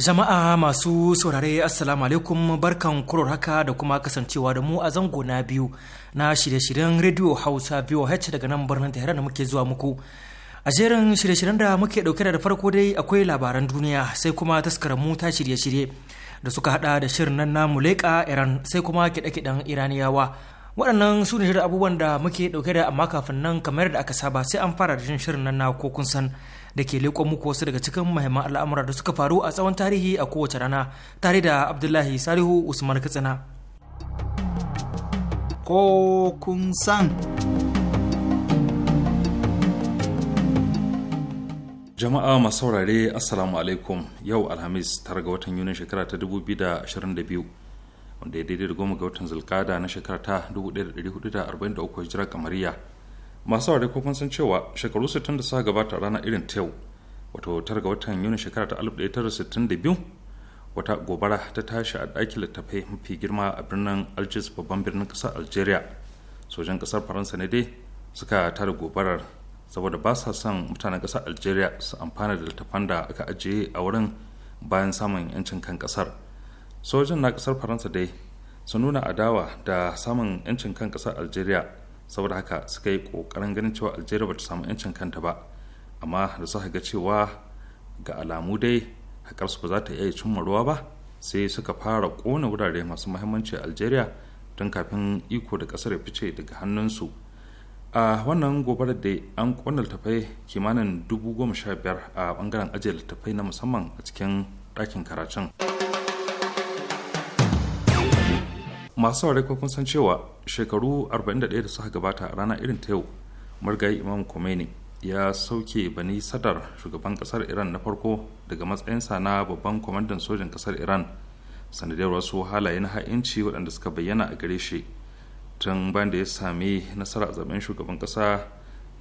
Jama'a masu saurare Assalamu alaikum barkan kurar haka da kuma kasancewa da mu a zango na biyu na shirye-shiryen Radio Hausa boh daga nan birnin Tehran da muke zuwa muku. A jerin shirye-shiryen da muke dauke da farko dai akwai labaran duniya sai kuma taskar mu ta shirye-shirye da suka hada da shirin nan na Muleka Iran sai kuma kiɗe-kiɗen Iraniyawa. Waɗannan su ne abubuwan da muke dauke da amma kafin nan kamar da aka saba sai an fara da shirin nan na ko kun san. da ke leƙon muku wasu daga cikin mahimman al'amura da suka faru a tsawon tarihi a kowace rana tare da Abdullahi Salihu Usman Katsina. Ko kun san. Jama'a masu saurare Assalamu alaikum yau Alhamis tare ga watan Yunin shekara ta 2022 wanda ya daidai da goma ga watan zulkada na shekara ta 1443 hijira kamariya. masu aure kun san cewa shekaru 60 da suka gabata rana irin ta yau wato tar ga watan yuni shekara ta 1962 wata gobara ta tashi a ɗakin littafai mafi girma a birnin algiers babban birnin ƙasar algeria sojan ƙasar faransa ne dai suka tara gobarar saboda ba sa son mutanen ƙasar algeria su amfana da littafan da aka ajiye a wurin bayan samun yancin kan kasar sojan na kasar faransa dai sun nuna adawa da samun yancin kan kasar algeria saboda haka suka yi kokarin ganin cewa algeria ba ta samu yancin kanta ba amma da suka ga cewa ga alamu dai haƙarsu ba za ta iya cimma ruwa ba sai suka fara ƙona wurare masu mahimmanci a algeria don kafin iko da ƙasar ya fice daga hannunsu a wannan gobarar da an ƙona littafai kimanin dubu goma sha biyar a ɓangaren ajiyar littafai na musamman a cikin ɗakin karatun. masu saurari kun san cewa shekaru 41 da suka gabata a rana irin ta yau murgayi imam khomeini ya sauke bani sadar shugaban kasar iran na farko daga matsayinsa na babban kwamandan sojan kasar iran sanadiyar wasu halaye na ha'inci waɗanda suka bayyana a gare shi tun bayan da ya sami nasara a zaben shugaban kasa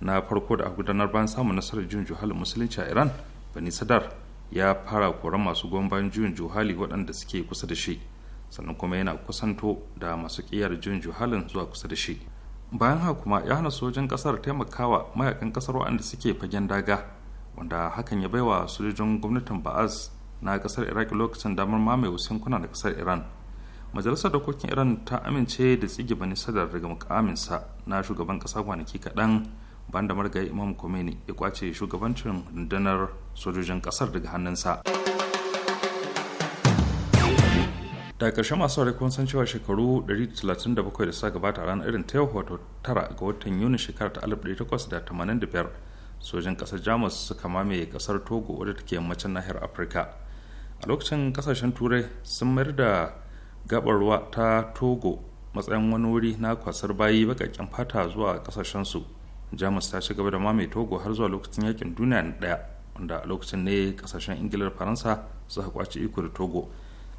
na farko da a gudanar bayan samun nasarar juyin juhalin musulunci a iran bani sadar ya fara koran masu goyon bayan juyin juhali waɗanda suke kusa da shi sannan kuma yana kusanto da masu ƙiyar jin halin zuwa kusa da shi bayan haka kuma ya hana sojin ƙasar taimakawa mayakan ƙasar waɗanda suke fagen daga wanda hakan ya baiwa sojojin gwamnatin ba'az na ƙasar iraki lokacin damar mamaye wasu yankuna da ƙasar iran majalisar dokokin iran ta amince da tsige bani sadar daga mukaminsa na shugaban ƙasa kwanaki kaɗan ban da marigayi imam komeni ya kwace shugabancin rundunar sojojin ƙasar daga hannunsa. daga ƙarshe masu wari kun san cewa shekaru 137 da suka gabata ranar irin ta yau wato tara ga watan yuni shekarar ta 1885 sojin ƙasar jamus suka mamaye ƙasar togo wadda take yammacin nahiyar afirka a lokacin ƙasashen turai sun mayar da gabar ruwa ta togo matsayin wani wuri na kwasar bayi bakakken fata zuwa ƙasashen su jamus ta ci gaba da mamaye togo har zuwa lokacin yakin duniya na ɗaya wanda a lokacin ne ƙasashen ingila da faransa suka kwace iko da togo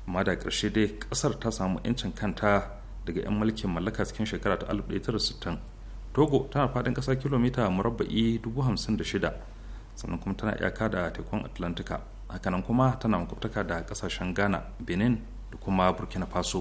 amma da ƙarshe dai ƙasar ta samu 'yancin kanta daga 'yan mulkin mallaka cikin shekara ta 1960 togo tana faɗin ƙasa kilomita murabba'i 56 sannan kuma tana iyaka da tekun atlantika hakanan kuma tana makwabtaka da ƙasashen ghana benin da kuma burkina faso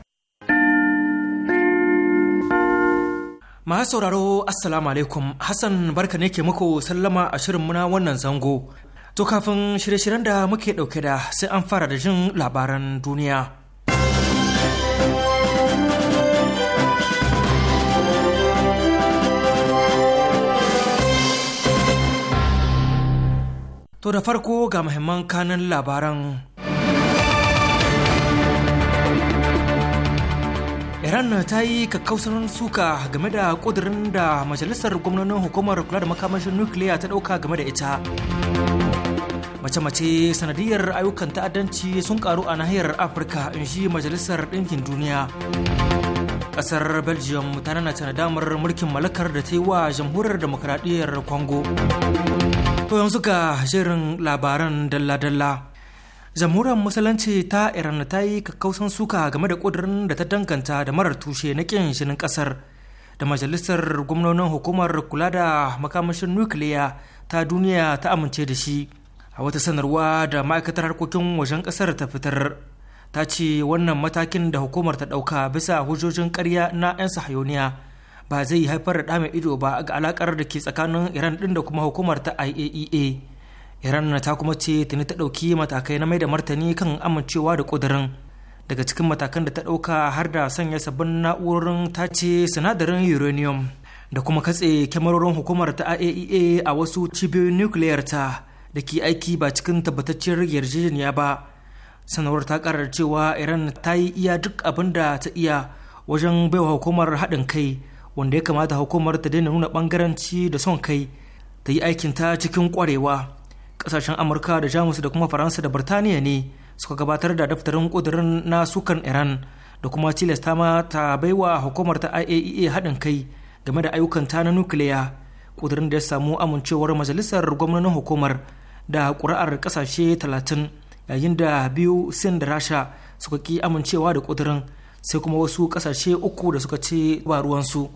Masu sauraro Assalamu alaikum Hassan barka ne ke muku sallama a shirin muna wannan zango. To kafin shirye-shiryen da muke ɗauke da sai an fara da jin labaran duniya. To da farko ga muhimman kanan labaran iran ta yi kakkausar suka game da kudirin da majalisar gwamnonin hukumar kula da makamashin nukiliya ta dauka game da ita mace-mace sanadiyar ayyukan ta'addanci sun karu a nahiyar afirka in shi majalisar ɗinkin duniya ƙasar belgium ta nana damar mulkin mallakar da ta yi wa jamhuriyar demokradiyyar congo to yanzu ga shirin labaran dalla-dalla jamhuriyar musulunci ta iran ta yi kakkausan suka game da ƙudurin da ta danganta da marar tushe na ƙin shinin ƙasar da majalisar gwamnonin hukumar kula da makamashin nukiliya ta duniya ta amince da shi a wata sanarwa da ma'aikatar harkokin wajen ƙasar ta fitar ta ce wannan matakin da hukumar ta ɗauka bisa hujjojin karya na 'yan sahayoniya ba zai haifar da ɗame ido ba ga alaƙar da ke tsakanin iran ɗin da kuma hukumar ta iaea e iran ta kuma ce tuni ta ɗauki matakai na mai da martani kan amincewa da ƙudurin daga cikin matakan da ta ɗauka har da sanya sabbin na'urorin ta ce sinadarin uranium da kuma katse kyamarorin hukumar ta aaea e a wasu cibiyoyin nukiliyar ta da ke aiki ba cikin tabbatacciyar yarjejeniya ba sanarwar ta karar cewa iran ta yi iya duk abin da ta iya wajen baiwa hukumar haɗin kai wanda ya kamata hukumar ta daina nuna ɓangaranci da son kai ta yi aikinta cikin kwarewa. kasashen amurka da jamus da kuma faransa da birtaniya ne suka gabatar da daftarin kudirin na sukan iran da kuma tilasta ma ta baiwa hukumar ta iaea e haɗin kai game da ayyukan ta na nukiliya kudirin da ya samu amincewar majalisar gwamnatin hukumar da ƙuri'ar ƙasashe talatin yayin da biyu sin da rasha suka ki amincewa da kudirin sai kuma wasu ƙasashe uku da suka ce ba ruwansu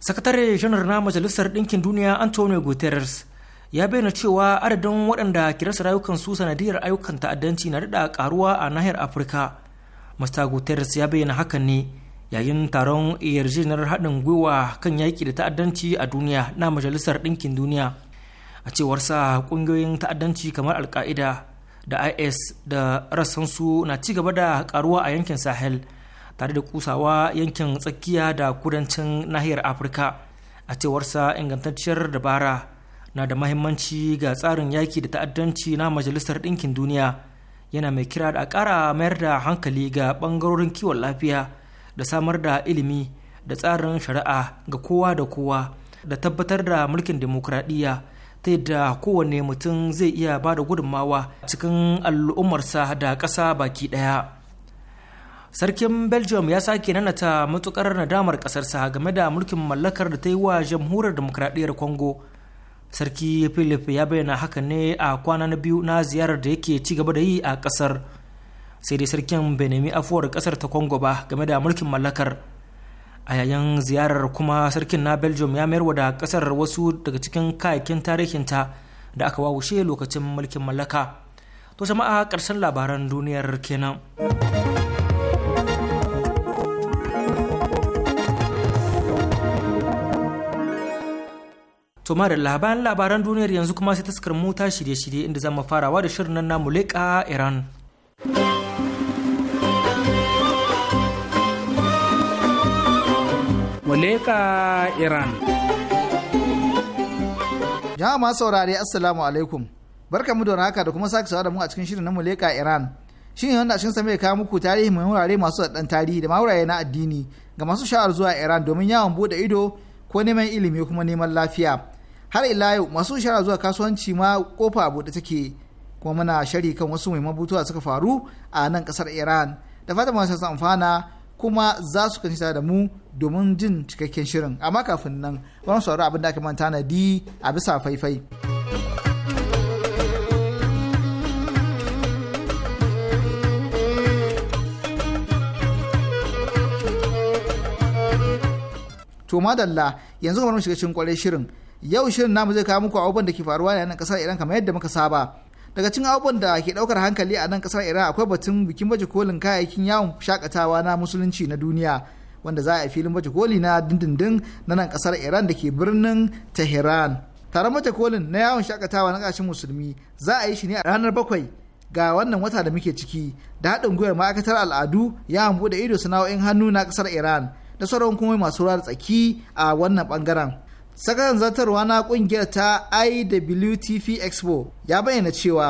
sakatare janar na majalisar ɗinkin duniya antonio guterres ya bayyana cewa adadin waɗanda ke rasa su sanadiyar ayyukan ta'addanci na daɗa ƙaruwa a nahiyar afirka mista guterres ya bayyana hakan ne yayin taron yarjejeniyar haɗin gwiwa kan yaƙi da ta'addanci a duniya na majalisar ɗinkin duniya a cewar sa ƙungiyoyin ta'addanci kamar alka'ida da is da rassansu na ci gaba da ƙaruwa a yankin sahel tare da kusawa yankin tsakiya da kudancin nahiyar afirka a cewar sa ingantacciyar dabara na da mahimmanci ga tsarin yaki da ta'addanci na majalisar ɗinkin duniya yana mai kira da a ƙara mayar da hankali ga ɓangarorin kiwon lafiya da samar da ilimi da tsarin shari'a ga kowa da kowa da tabbatar da mulkin demokuraɗiyya ta yadda kowane mutum zai iya ba da gudunmawa cikin al'ummarsa da ƙasa baki ɗaya. sarkin belgium ya sake nanata matukar nadamar ƙasarsa game da mulkin mallakar da ta yi wa jamhuriyar demokradiyyar congo sarki philip ya bayyana haka ne a kwana na biyu na ziyarar da yake ci gaba da yi a kasar sai dai sarkin bai nemi afuwar kasar ta congo ba game da mulkin mallakar a yayin ziyarar kuma sarkin na belgium ya mayar da kasar wasu daga cikin kayakin tarihinta da aka wawushe lokacin mulkin mallaka to jama'a ƙarshen labaran duniyar kenan. To da labaran labaran duniyar yanzu kuma sai taskar mota shirye-shirye inda za mu farawa da shirin nan namu leƙa Iran. Muleka Iran. Jama'a masu saurare Assalamu alaikum. Barka mu da haka da kuma sake da mu a cikin shirin na Muleka Iran. Shin yanzu a cikin sami kawo muku tarihi mai wurare masu da tarihi da ma na addini ga masu sha'ar zuwa Iran domin yawon bude ido ko neman ilimi kuma neman lafiya har ila yau masu shara zuwa kasuwanci ma kofa buɗe take kuma muna shari kan wasu muhimman butuwa suka faru a nan kasar iran da fatan masu san amfana kuma za su kanci da mu domin jin cikakken shirin amma kafin nan wani sauraro abin da aka manta na di a bisa faifai. to madalla yanzu kamar mu shiga cikin kwarai shirin yau shirin namu zai kawo muku abubuwan da ke faruwa a nan kasar Iran kamar yadda muka saba daga cikin abubuwan da ke daukar hankali a nan kasar Iran akwai batun bikin baje kolin kayayyakin yawon shakatawa na musulunci na duniya wanda za a yi filin baje koli na dindindin na nan kasar Iran da ke birnin Tehran taron baje kolin na yawon shakatawa na kasashen musulmi za a yi shi ne a ranar bakwai ga wannan wata da muke ciki da haɗin gwiwar ma'aikatar al'adu yawon bude ido sana'o'in hannu na kasar Iran da sauran kuma masu ruwa tsaki a wannan bangaren. sakatar zartarwa na kungiyar ta IWTP Expo ya bayyana cewa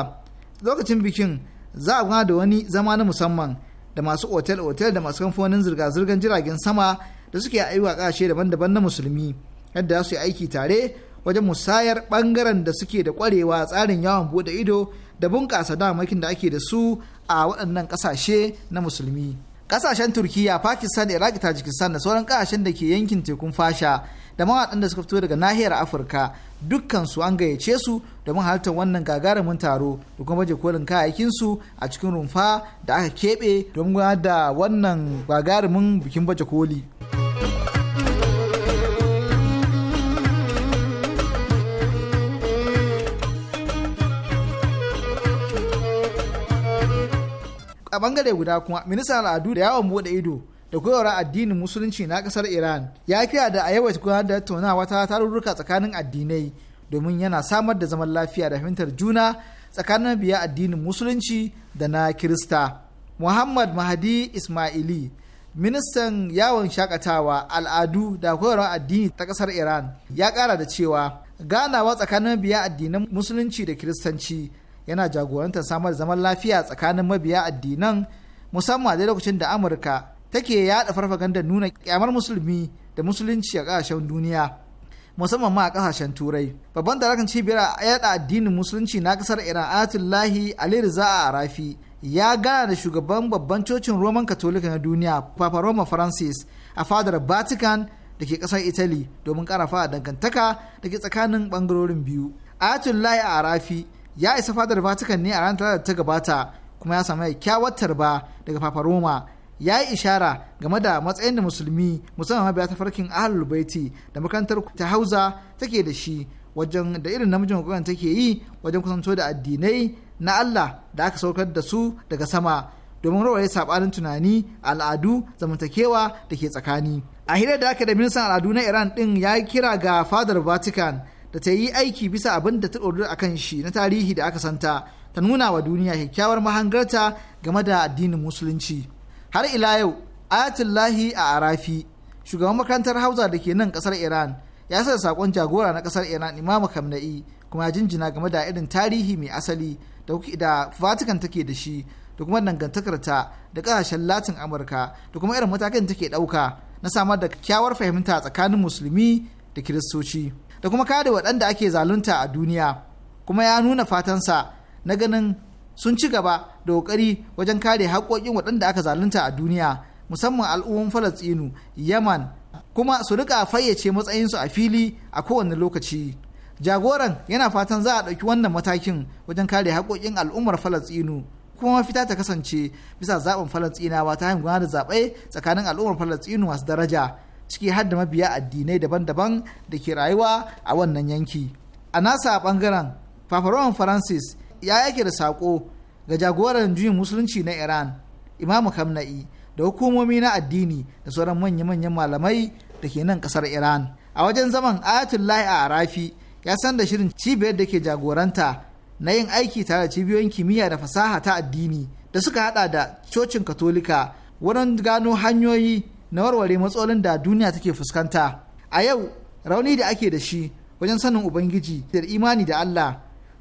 lokacin bikin za a da wani zama na musamman da masu otel-otel da masu kamfanin zirga-zirgar jiragen sama da suke aiwa kashe daban-daban na musulmi yadda su yi aiki tare wajen musayar bangaren da suke da kwarewa tsarin yawon bude ido da bunƙasa damakin da ake da su a waɗannan ƙasashe na musulmi. kasashen turkiya pakistan iraq tajikistan da sauran kasashen da ke yankin tekun fasha da mawaɗan da suka fito daga nahiyar afirka dukkan su an gayyace su domin halartar wannan gagarumin taro da kuma baje kolin kayayyakin su a cikin rumfa da aka keɓe domin gudanar da wannan gagarumin bikin baje koli. a bangare guda kuma ministan al'adu da yawon bude ido da koyarwar addinin musulunci na kasar iran ya kira da a yawaita gudanar da tattaunawa ta tarurruka tsakanin addinai domin yana samar da zaman lafiya da fahimtar juna tsakanin biya addinin musulunci da na kirista muhammad mahadi ismaili ministan yawon shakatawa al'adu da koyarwar addini ta kasar iran ya kara da cewa ganawa tsakanin biya addinan musulunci da kiristanci yana jagorantar samar zaman lafiya tsakanin mabiya addinan musamman a lokacin da amurka take yada farfaganda nuna kyamar musulmi da musulunci a kasashen duniya musamman ma a kasashen turai babban darakan cibiyar a yada addinin musulunci na kasar iran ayatullahi ali riza a arafi ya gana da shugaban babban cocin roman katolika na duniya papa roma francis a fadar vatican da ke kasar italy domin karafa dangantaka da ke tsakanin bangarorin biyu ayatullahi a arafi ya isa fadar Vatican ne a ranar talata ta gabata kuma ya samu kyawar tarba daga Papa Roma ya yi ishara game da matsayin da musulmi musamman mabiya ta farkin ahlul baiti da makarantar ta hauza take da shi wajen da irin namijin kokarin take yi wajen kusanto da addinai na Allah da aka saukar da su daga sama domin rawaye sabanin tunani al'adu zamantakewa da ke tsakani a hirar da aka da ministan al'adu na iran din ya kira ga fadar vatican da ta yi aiki bisa abin da ta ɗori a kan shi na tarihi da aka santa ta nuna wa duniya kyakkyawar mahangarta game da addinin musulunci har ila yau ayatullahi a arafi shugaban makarantar hausa da ke nan kasar iran ya sa sakon jagora na kasar iran imamu kamna'i kuma jinjina game da irin tarihi mai asali da vatican take da shi da kuma dangantakar ta da ƙasashen latin amurka da kuma irin matakin take ɗauka na samar da kyakkyawar fahimta tsakanin musulmi da kiristoci da kuma kare waɗanda ake zalunta a duniya kuma ya nuna fatansa na ganin sun ci gaba da ƙoƙari wajen kare haƙoƙin waɗanda aka zalunta a duniya musamman al'ummar falastinu yaman kuma su rika fayyace matsayinsu a fili a kowane lokaci jagoran yana fatan za a ɗauki wannan matakin wajen kare haƙoƙin al'ummar falastinu kuma mafita ta kasance bisa zaɓin falastinawa ta hanyar da zaɓe tsakanin al'ummar falastinu masu daraja ciki har da mabiya addinai daban-daban da ke rayuwa a wannan yanki a nasa bangaren paparowan francis ya yake da saƙo ga jagoran juyin musulunci na iran imamu kamna'i da hukumomi na addini da sauran manya-manyan malamai da ke nan ƙasar iran a wajen zaman ayatullahi a arafi ya san da shirin cibiyar da ke jagoranta na yin aiki tare da cibiyoyin kimiyya da fasaha ta addini da suka hada da cocin katolika wurin gano hanyoyi na warware matsalolin da duniya take fuskanta a yau rauni da ake da shi wajen sanin ubangiji da imani da Allah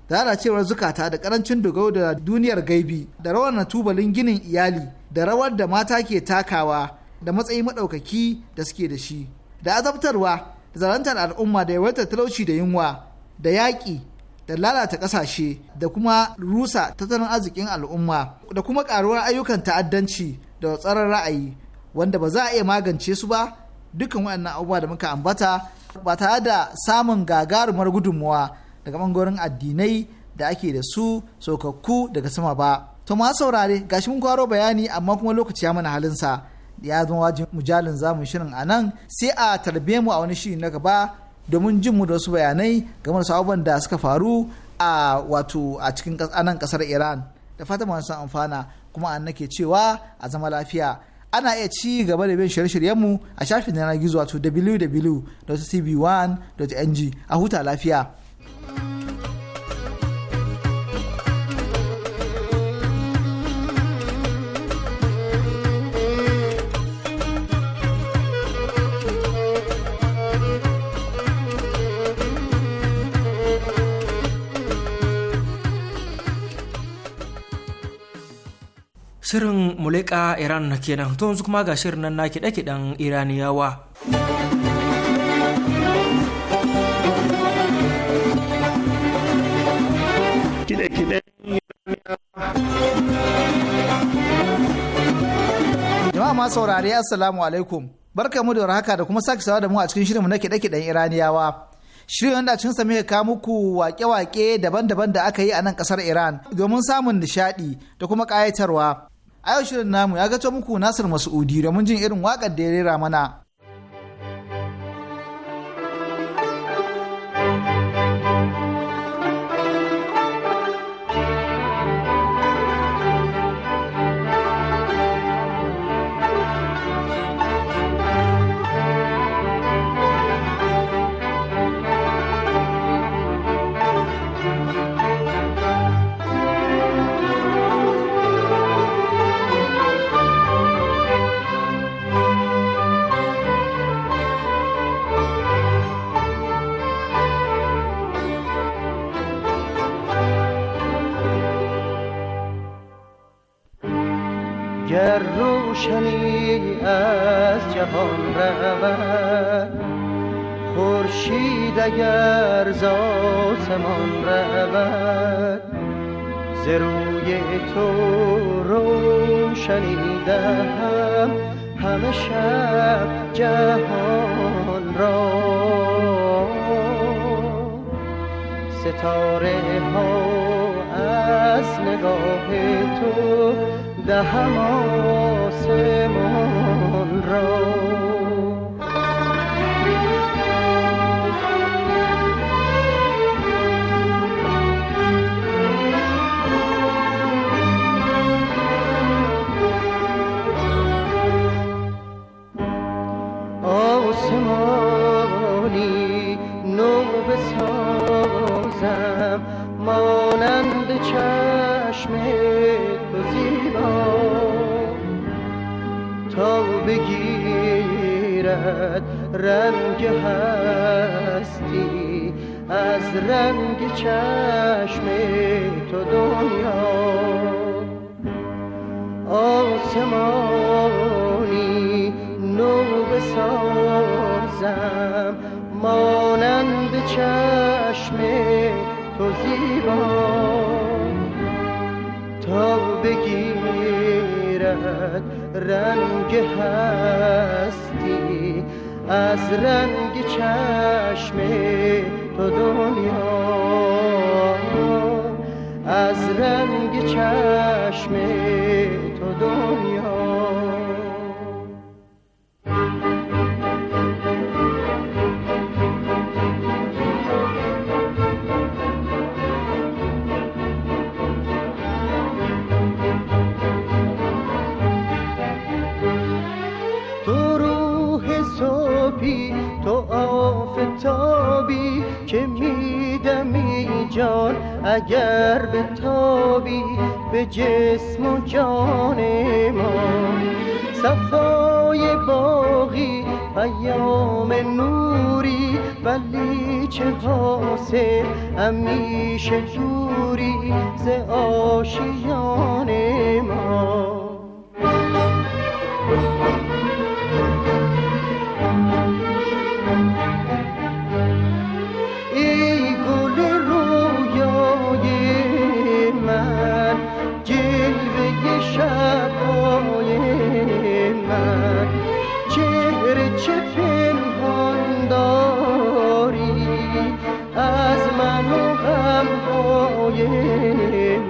da lalacewar zukata da karancin dogaro da duniyar gaibi da rawar na tubalin ginin iyali da rawar da mata ke takawa da matsayi maɗaukaki da suke da shi da azabtarwa da zarantar al'umma da yawaitar talauci da yunwa da yaƙi da lalata ƙasashe da kuma rusa tattalin arzikin al'umma da kuma ƙaruwar ayyukan ta'addanci da tsaron ra'ayi wanda ba za a iya magance su ba dukkan waɗannan abubuwa da muka ambata ba tare da samun gagarumar gudunmuwa daga ɓangaren addinai da ake da su saukakku daga sama ba. To ma saurare gashi mun kwaro bayani amma kuma lokaci ya mana sa ya zama wajen mujalin zamun shirin a nan sai a tarbe mu a wani shiri na gaba domin jin mu da wasu bayanai game da abubuwan da suka faru a wato a cikin anan kasar Iran da fata masu amfana kuma an nake cewa a zama lafiya. ana iya ci gaba da bin shirye-shiryenmu a shafin yanar gizo wato wwwcb 1ng a huta lafiya. Shirin Muleka Iran na kenan to yanzu kuma ga shirin nan na kiɗe dan Iraniyawa. Jama'a ma saurari Assalamu alaikum. Barka mu da warhaka da kuma sake sawa da mu a cikin shirinmu na kiɗe-kiɗen Iraniyawa. shirin wanda cin sa muka kawo muku wake-wake daban-daban da aka yi a nan kasar Iran domin samun nishaɗi da kuma ƙayatarwa. a yau shirin namu ya gato muku nasir masudi domin jin irin waƙar da ya rera mana روشنی از جهان رود خورشید اگر ز آسمان رود ز روی تو روشنی دهم همه شب جهان را ستاره ها از نگاه تو دهم آسمان را چشم تو زیبا تا بگیرد رنگ هستی از رنگ چشم تو دنیا آسمانی نو بسازم مانند چشم تو زیبا تا بگیرد رنگ هستی از رنگ چشم تو دنیا از رنگ چشم تو دنیا اگر به تابی به جسم و جان ما صفای باقی پیام نوری ولی چه حاصل همیشه جوری ز آشی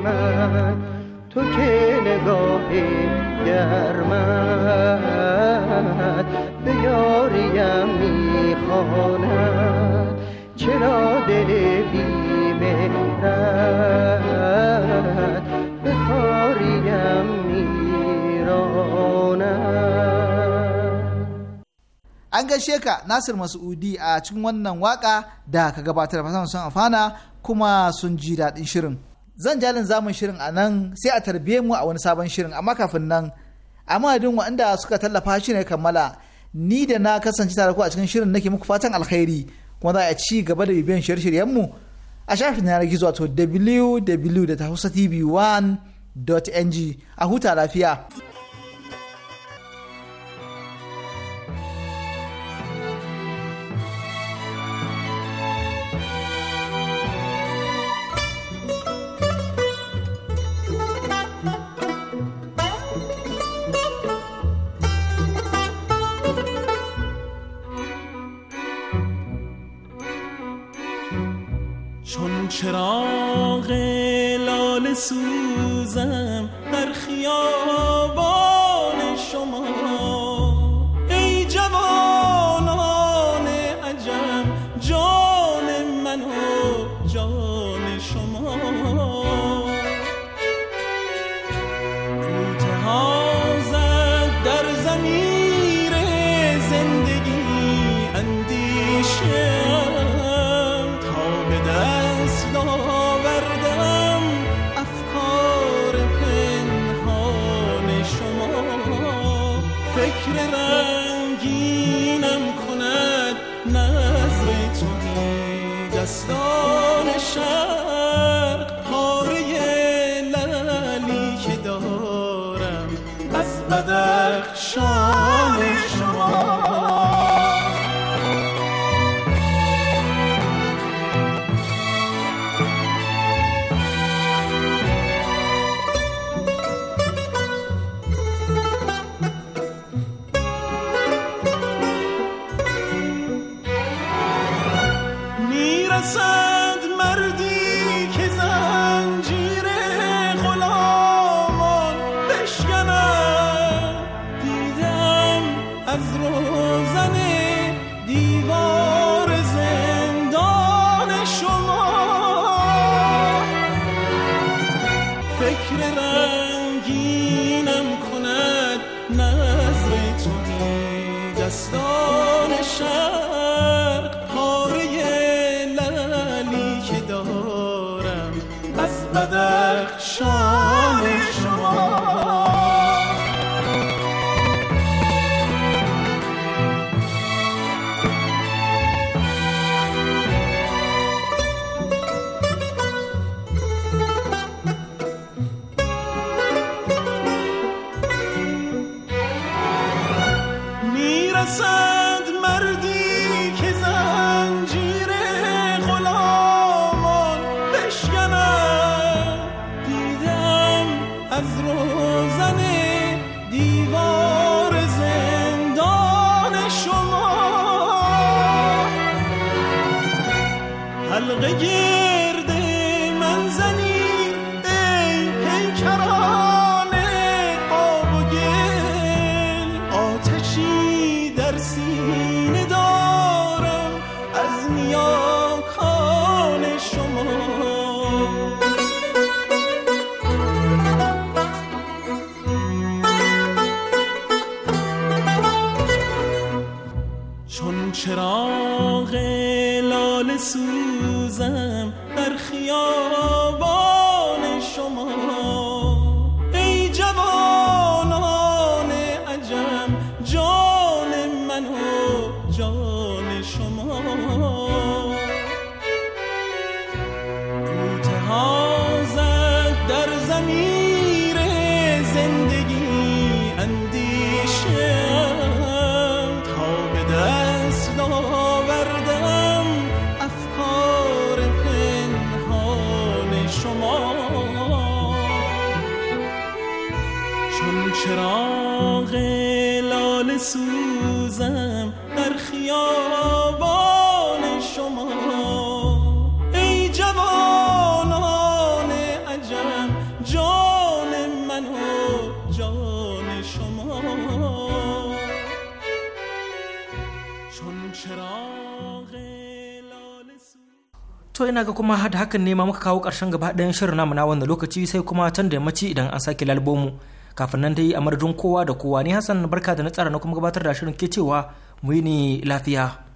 من تو که نگاه گرمت به یاریم میخواند چرا دل بیمهرت به خاریم an gaishe ka nasir masudi a cikin wannan waka da ka gabatar fasan sun amfana kuma sun ji daɗin shirin. Zan jalin zamun shirin a nan sai a tarbiye mu a wani sabon shirin amma kafin nan a madadin waɗanda suka tallafa shi ne kammala ni da na kasance tare ku a cikin shirin nake muku fatan alkhairi kuma za a ci gaba da bibiyan shirye-shiryen mu a shafin yanar gizo wato www.hausatv1.ng a huta lafiya. yeah. ina kuma hada hakan ne ma muka kawo ƙarshen gaba ɗayan shirin namu na wannan lokaci sai kuma can da yammaci idan an sake lalbomu kafin nan dai a madadin kowa da kowa ni Hassan barka da na tsara na kuma gabatar da shirin ke cewa mu yi ni lafiya.